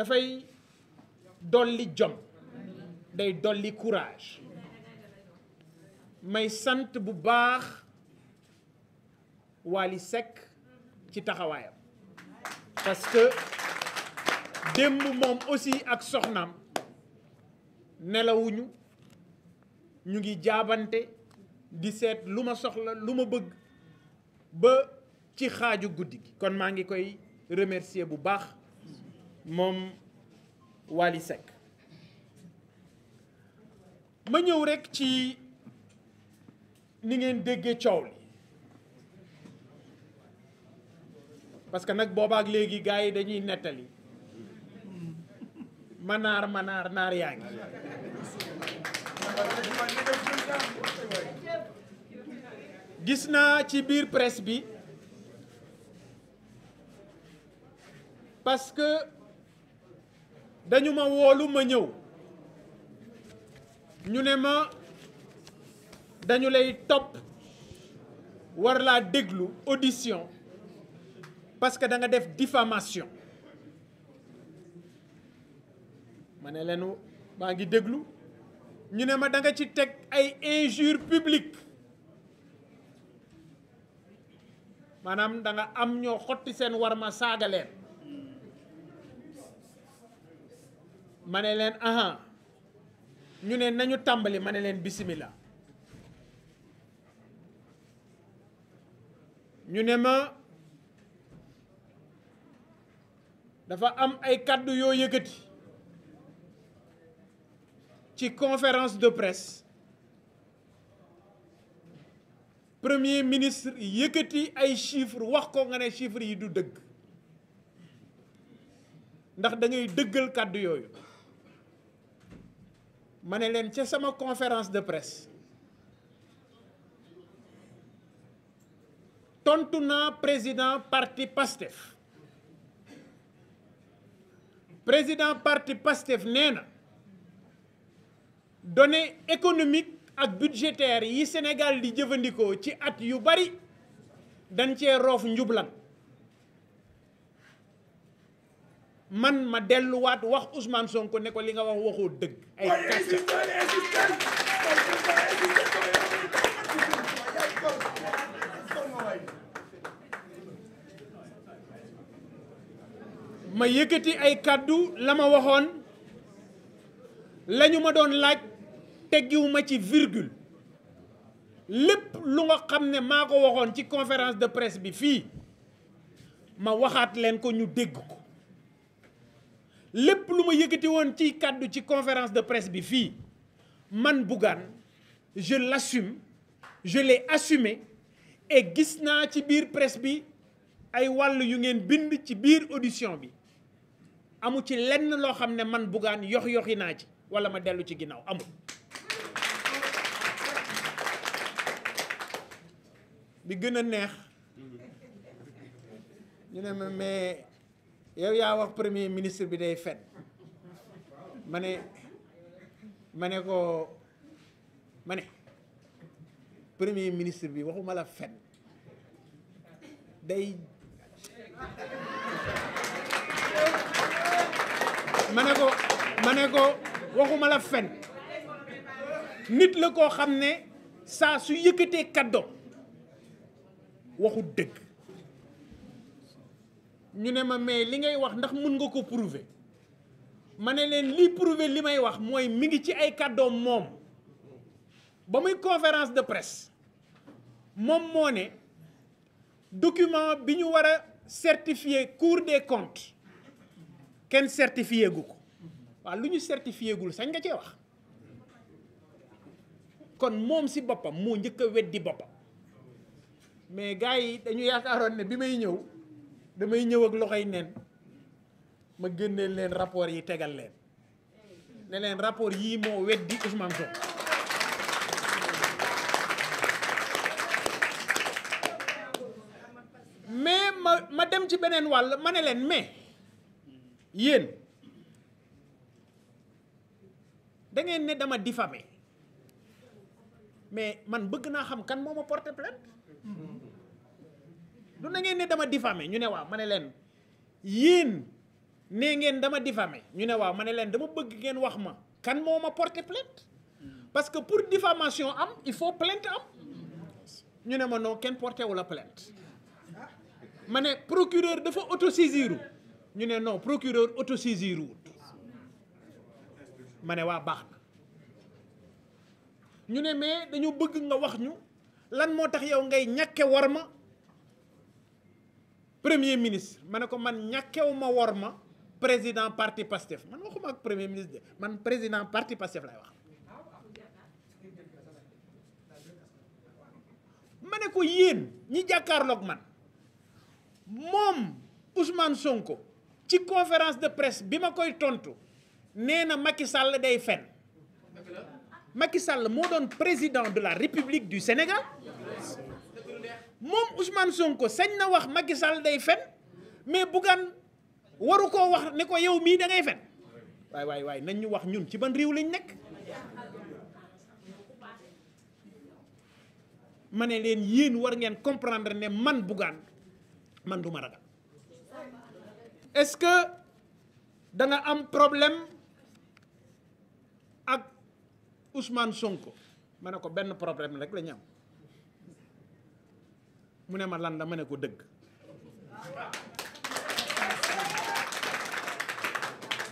dafay dolli jom day dolli courage may sant bu baax Wally Seck ci taxawaayam parce que démb moom aussi ak soxnaam nelawuñu ñu ngi jaabante di seet lu ma soxla lu ma bëgg ba ci xaaju guddi kon maa ngi koy remercier bu baax moom Wally Seck ma ñëw rekk ci ni ngeen déggee coow li parce que nag boobaak léegi gaa yi dañuy nettali manaar manaar naar yaa ngi gis naa ci biir presse bi parce dañu ma woolu ma ñëw ñu ne ma dañu lay topp war laa déglu audition parce que da nga def diffamation ma ne leen maa ngi déglu ñu ne ma danga ci teg ay injure publique maanaam danga am ñoo xotti seen war ma saaga ma ne leen ahan ñu ne nañu tàmbali ma ne leen bisimilah ñu ne ma dafa am ay kàddu yoo yëkkati ci conférence de presse premier ministre yëkkati ay chiffres wax ko nga ne chiffres yi du dëgg ndax dangay dëggal kàddu yooyu ma ne leen ca sama conférence de presse tontu naa président parti PASTEF président parti PASTEF nee na données économiques ak budgétaires yi Sénégal di jëfandikoo ci at yu bari dañ cee roof njublan man ma delluwaat wax Ousmane Sonko ne ko li nga wax waxoo dëgg. ay kàcca ma yëkkati ay kàddu la ma waxoon lañu ma doon laaj teggiwu ma ci virgule lépp lu nga xam ne maa ko waxoon ci conférence de presse bi fii ma waxaat leen ko ñu dégg ko. lépp lu ma yëkkati woon ci kàddu ci conférence de presse bi fii man Bougane je l'assume je l'ai assumé et gis naa ci biir presse bi ay wàll yu ngeen bind ci biir audition bi amu ci lenn loo xam ne man Bougane yox yoxi naa ci walla ma dellu ci ginnaaw amul bi gën a neex ñu ne ma mais yow yaa wax premier ministre bi day fen ma ne ma ne ko ma ne premier ministre bi waxuma la fen day ma ne ko ma ne ko waxuma la fen nit la koo xam ne saa su yëkkatee kaddo waxu dëgg ñu ne ma mais li ngay wax ndax mun nga ko prouver ma ne leen lii prouver li may wax mooy mi ngi ci ay kàddoom moom ba muy conférence de presse moom moo ne document bi ñu war a certifier Cour des comptes kenn certifié gu ko waa lu ñu certifié gul sañ nga cee wax kon moom si boppam moo njëkk a weddi boppam mais gars yi dañu yaakaaroon ne bi may ñëw. damay ñëw ak loxoy nen ma génneel leen rapport yi tegal leen ne leen rapport yii moo weddi Ousmane Sonko mais ma ma dem ci beneen wàll ma ne leen mais yéen da ngeen ne dama diffamé mais man bëgg naa xam kan moom ma porté plainte lu na ngeen ne dama diffamé ñu ne waaw ma ne leen yéen nee ngeen dama diffamé ñu ne waaw ma ne leen dama bëgg ngeen wax ma kan moo ma porté plainte parce que pour diffamation am il faut plainte am ñu ne ma non kenn porté wu la plainte ma ne procureur dafa autosaisir ñu ne non procureur autosaisir wut ma ne waa ñu ne mais dañu bëgg nga wax ñu lan moo tax yow ngay ñàkke war ma premier ministre ma ne ko man ñàkkew ma wor ma président parti pastef man waxuma ak premier ministre de man président parti pastef lay wax ma ne ko yéen ñi jàkkaarloog man moom Ousmane Sonko ci conférence de presse bi ma koy tontu nee na Macky Sall day fen Macky Sall moo doon président de la République du Sénégal Ousmane Sonko sañ na wax Macky Sall day fen mais Bougane waru koo wax ne ko yow mii dangay ngay fen waaye waay nañ ñu wax ñun ci ban réew lañ nekk ma ne leen yéen war ngeen comprendre ne man Bougane man du ma ragal est-ce que danga am problème ak Ousmane Sonko ma ne ko benn problème rek la ñu am mu ne ma lan la ma ne ko dëgg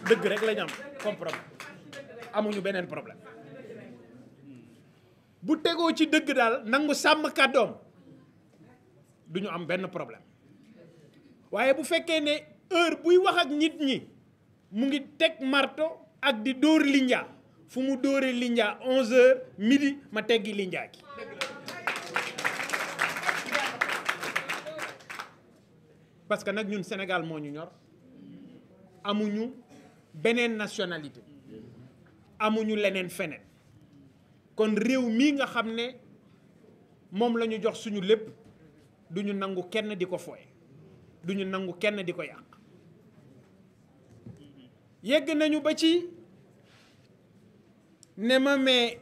dëgg rek la am comme problème amuñu beneen problème bu tegoo ci dëgg daal nangu sàmm kàddoom du ñu am benn problème waaye bu fekkee ne heure buy wax ak nit ñi mu ngi teg marto ak di dóor linjaa fu mu dóoree linjaa 11 heures midi ma teggi linjaa gi parce que nag ñun Sénégal moo ñu ñor amuñu beneen nationalité amuñu leneen feneen kon réew mii nga xam ne moom la ñu jox suñu lépp du ñu nangu kenn di ko fooye du ñu nangu kenn di ko yàq yegg nañu ba ci ne ma mais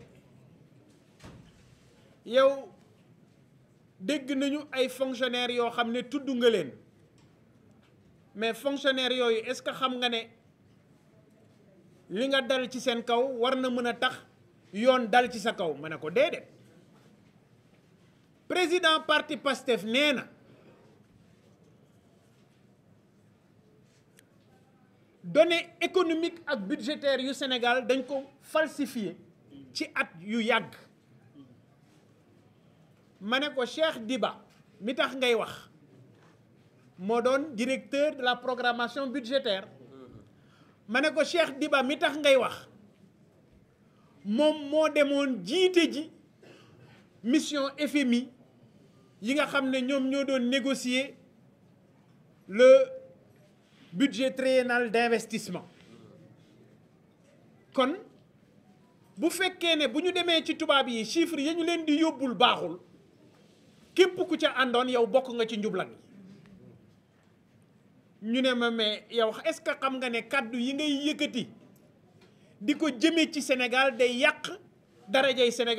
yow dégg nañu ay fonctionnaires yoo xam ne tudd nga leen mais fonctionnaire yooyu est-ce que xam nga ne li nga dal ci seen kaw war na mën a tax yoon dal ci sa kaw ma ne ko déedéet président parti Pastef nee na données économiques ak budgétaires yu Sénégal dañ ko falsifié ci at yu yàgg ma ne ko Cheikh Diba mi tax ngay wax moo doon directeur de la programmation budgétaire ma ne ko Cheikh Diba mi tax ngay wax moom moo demoon jiite ji mission FMI yi nga xam ne ñoom ñoo doon négocier le budget triennal d'investissement kon bu fekkee ne bu ñu demee ci tubaab yi chiffres ya ñu leen di yóbbul baaxul képp ku ca àndoon yow bokk nga ci njublan ñu ne ma mais yow est-ce que xam nga ne kàddu yi ngay yëkkëti di ko jëmee ci Sénégal day yàq darajay Sénégal